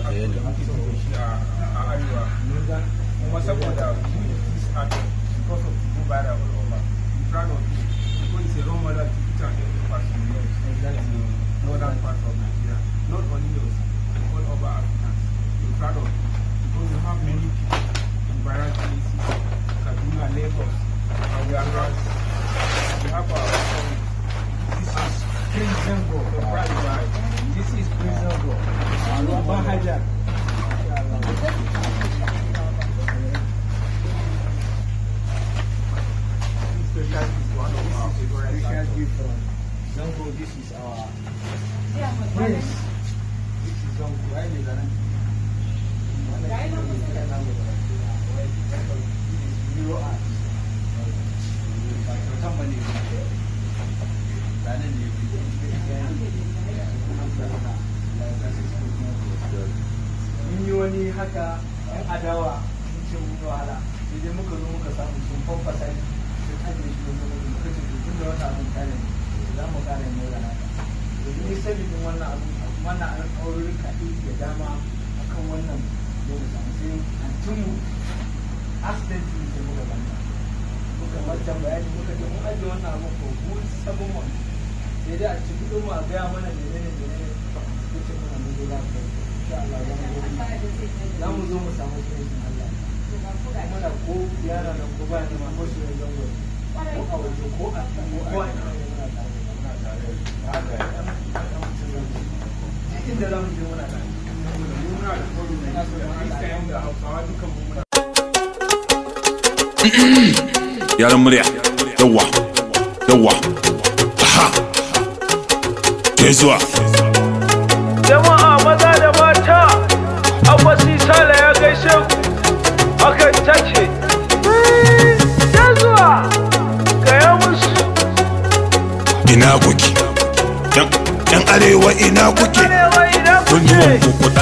Thank because of you because it's a to not only because have many we are we have حجر Zango, this you mun yi wani haka yan adawa sun ce wahala idan muka zo muka samu sun shi muka ce tun da wata abin kare ne za mu kare ne da naka domin sabidin wannan abin da dama akan wannan sai an tumu da muka banta muka wancan bayani muka ce mun ajiye wannan abin sai dai a cikin mu a gaya mana menene za mu zo mu samu soyayyar da ko da za mu je zuwa mata akwasi sala ya gaishe ku hakan ta ya zuwa gaya ina kuke arewa ina kuke kunnuwan